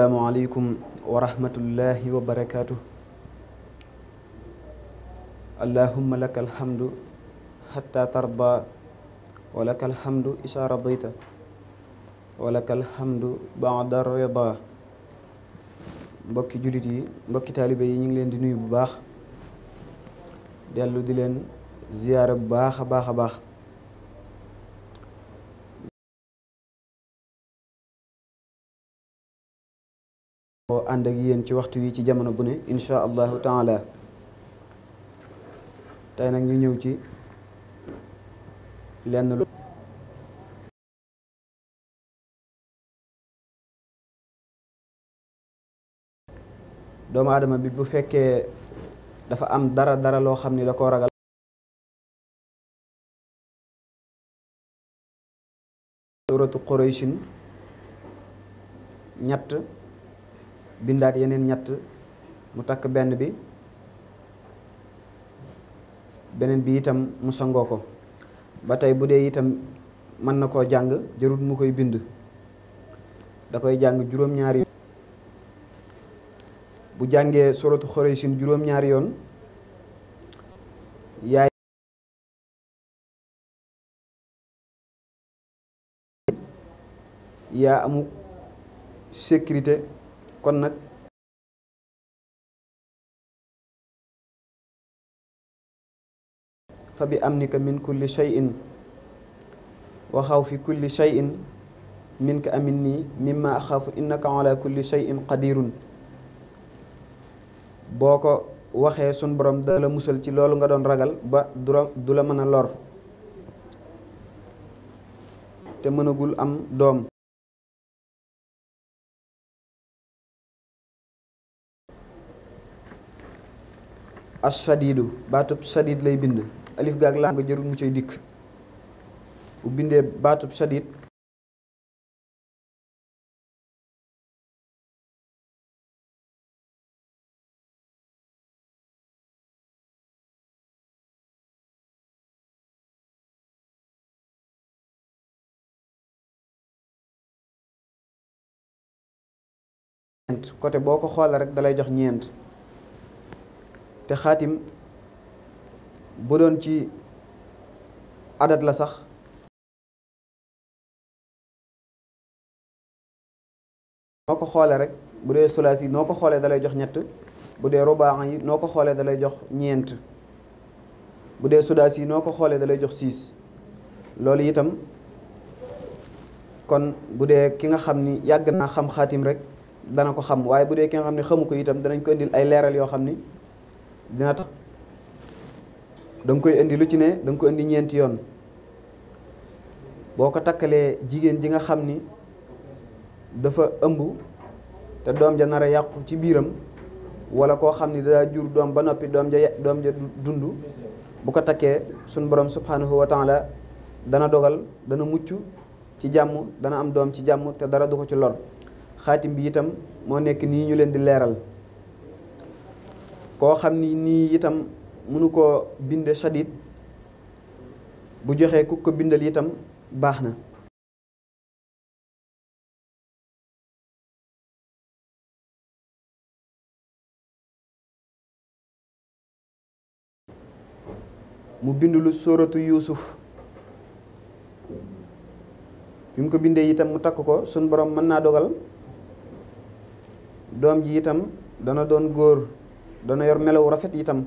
asalaamualeykum wa rahmatullahi wa barakaatu. allahumma laka alhamdu xatta tarda wa laka alhamdu isaa radayta wa laka alhamdu baada rida mbokki jullit yi mbokki taalibe yi ñu ngi leen di nuyu bu baax dellu di leen ziyaara bu baax a baax a baax oo ànd ak yéen ci waxtu wii ci jamono bu ne insha allahu taala tey nag ñu ñëw ci lenn lu doomu aadama bi bu fekkee dafa am dara dara loo xam ne da koo ragal suratu Qurayshin ñett bindaat yeneen ñett mu takk benn bi beneen bi itam mu sangoo ko ba tey bu dee itam mën na koo jàng jarut mu koy bind da koy jàng juróom-ñaari bu jàngee suratu Xuraysin juróom-ñaari yoon yaa amu sécurité kon nag fa bi amnika min kulli shay'in wa xawfi kulli shay'in minka aminni mimma axaafu innaka ala kulli shay'in qadirun boo ko waxee sun borom da musal ci loolu nga doon ragal ba du la mën a lor te mënagul am doom ashadidu baatub shadid lay bind alif gaag laa nga jarul côté boo ko xoolee rek dalay jox ñeent te xaatim bu doon ci adat la sax noo ko xoolee rek bu dee sulaas yi noo ko xoolee dalay jox ñett bu dee rubaa noo ko xoolee dalay jox ñeent bu dee sudaas yi noo ko xoolee dalay jox six loolu itam kon bu dee ki nga xam ni yàgg naa xam xaatim rek dana ko xam waaye bu dee ki nga xam ne xamu ko dana danañ ko indil ay leeral yoo xam ni dina tax da koy indi lu ci ne danga ko indi ñeenti yoon boo ko takkalee jigéen ji nga xam ni dafa ëmb te doom ja nar yàqu ci biiram wala koo xam ni daa jur doom ba noppi doom ja doom ja dund bu ko takkee suñ borom subhanahu wa taala dana dogal dana mucc ci jàmm dana am doom ci jàmm te dara du ko ci lor xaatim bi itam moo nekk nii ñu leen di leeral koo xam ni nii itam mënu koo binde shadid bu joxee ku ko bindal itam baax na mu bind lu sóoratu yuusuf bi mu ko bindee itam mu takk ko suñ borom mën naa dogal doom ji itam dana doon góor dana yor melaw rafet itam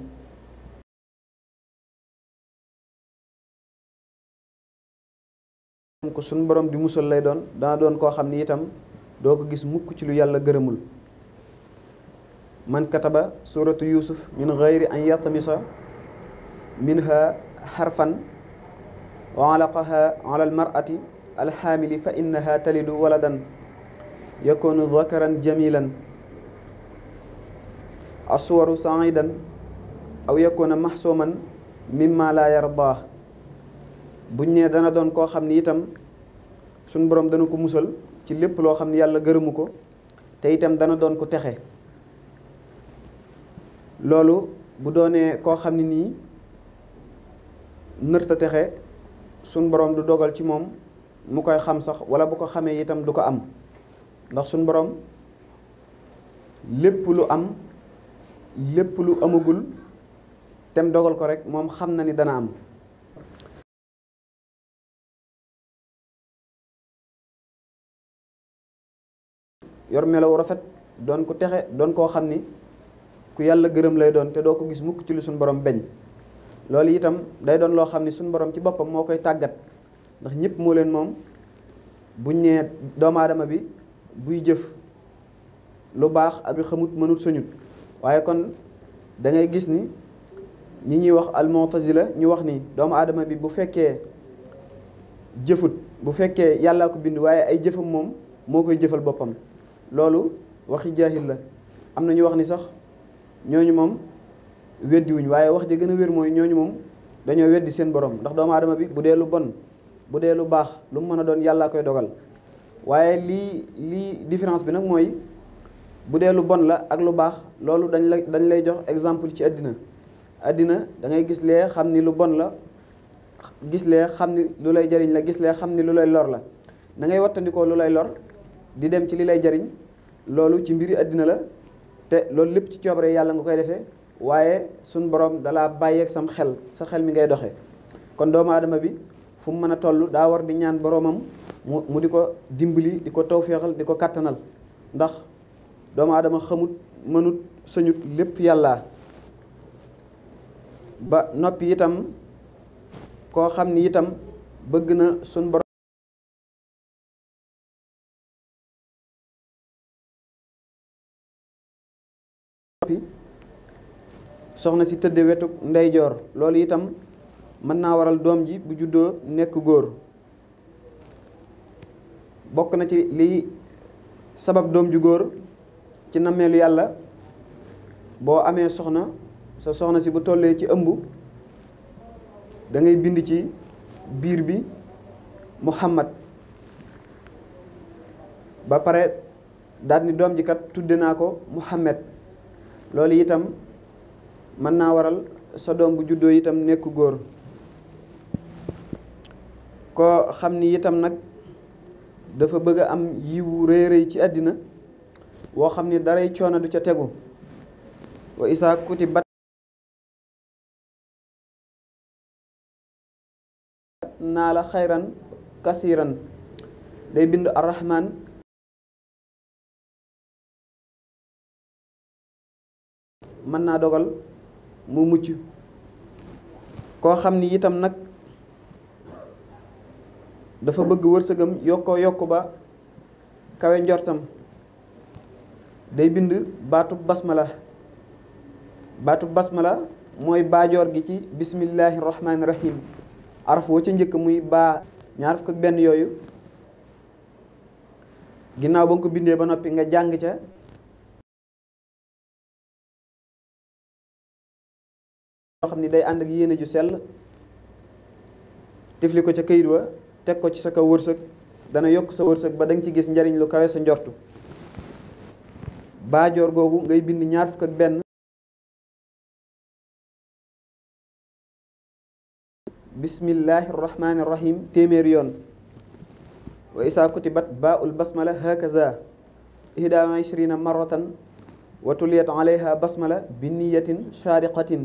ko suñ borom di musal lay doon dana doon koo xam ni itam doo ko gis mukk ci lu yàlla gërëmul man kataba suratu yusuf min gayri an yatamisa minha xarfan wa alaqaha ala almarati alxaamili fa innaha talidu waladan yakunu dakaran jamilan aswaru saidan aw yakuna mi mimma la yardaa buñ nee dana doon koo xam ni itam suñ borom dana ko musal ci lépp loo xam ni yàlla gërëmu ko te itam dana doon ko texe loolu bu doonee koo xam ne nii nërta texe suñ borom du dogal ci moom mu koy xam sax wala bu ko xamee itam du ko am ndax suñ boroom lépp lu am lépp lu amagul tem dogal ko rek moom xam na ni dana am yor melaw rafet doon ku texe doon koo xam ni ku yàlla gërëm lay doon te doo ko gis mukk ci lu suñ borom beñ loolu itam day doon loo xam ni suñ boroom ci boppam moo koy tàggat ndax ñëpp moo leen moom bu nee doomaadama bi buy jëf lu baax ak lu xamut mënut sañut waaye kon dangay gis ni ñi ñuy wax la ñu wax ni doomu aadama bi bu fekkee jëfut bu fekkee yàllaa ko bind waaye ay jëfam moom moo koy jëfal boppam loolu waxi jaahil la am na ñu wax ni sax ñooñu moom weddiwuñ waaye wax ji gën a wér mooy ñooñu moom dañoo weddi seen borom ndax doomu aadama bi bu dee lu bon bu dee lu baax lu mu mën a doon yàllaa koy dogal waaye lii lii différence bi nag mooy bu dee lu bon la ak lu baax loolu dañ la dañ lay jox exemple ci àddina àddina da ngay gis lee xam ni lu bon la gis lee xam ni lu lay jariñ la gis lee xam ni lu lay lor la da ngay wattandikoo lu lay lor di dem ci li lay jariñ loolu ci mbiru àddina la te loolu lépp ci coobare yàlla nga koy defee waaye suñ borom dala bàyyeek sam xel sa xel mi ngay doxee kon doomu aadama bi fu mën a toll daa war di ñaan boromam mu mu di ko dimbali di ko tawféexal di ko kàttanal ndax doomu aadama xamut mënut sañut lépp yàlla ba noppi itam koo xam ni itam bëgg na sun borom soxna si tëdd wetu ndeyjoor loolu itam mën naa waral doom ji bu juddoo nekk góor bokk na ci lii sabab doom ju góor ci nammeelu yàlla boo amee soxna sa soxna si bu tollee ci ëmb dangay bind ci biir bi Muhammad ba pare daal doom jikat kat tudde naa ko Muhammad loolu itam mën naa waral sa doom bu juddoo itam nekk góor koo xam ni itam nag dafa bëgg a am yiwu rëy rëy ci àddina woo xam ni daray coono du ca tegu wa isaa kuti bat naa la xayran kasiran day bind arrahman mën naa dogal mu mucc koo xam ni itam nag dafa bëgg wërsëgam yokkoo yokk ba kawe njortam day bind baatu basma la baatu basma la mooy baajoor gi ci bismillahi rahmaani rahim araf woo ca njëkk muy baa ñaar fukk ak benn yooyu ginnaaw ba nga ko bindee ba noppi nga jàng ca yoo ni day ànd ak yéene ju sell tifli ko ca kayit wa teg ko ci sa kaw wërsëg dana yokk sa wërsëg ba danga ci gis njariñ lu kawe sa njortu baajoor googu ngay bind ñaar fukk ak benn bismillahi rahmaani yoon wa isaa kutibat baaul basmala hakaza ihda wa tuliyat alayha basmala bi niyatin shadiqatin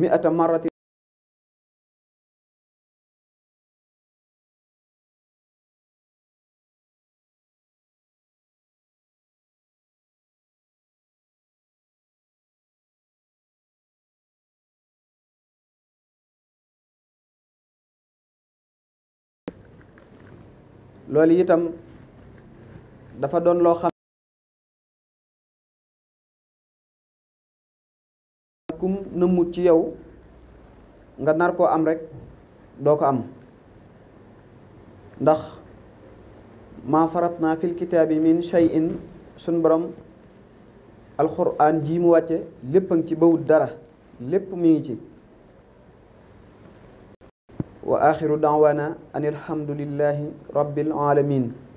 miata loolu itam dafa doon loo xam kum nëmmut ci yow nga nar koo am rekk doo ko am ndax maa faratna fil kitaabi min shay'in sun borom alxuraan jii mu wàcce lépp a ngi ci bawut dara lépp mu ngi ci wa axiru daawaana an alhamdulillahi rabbil alamin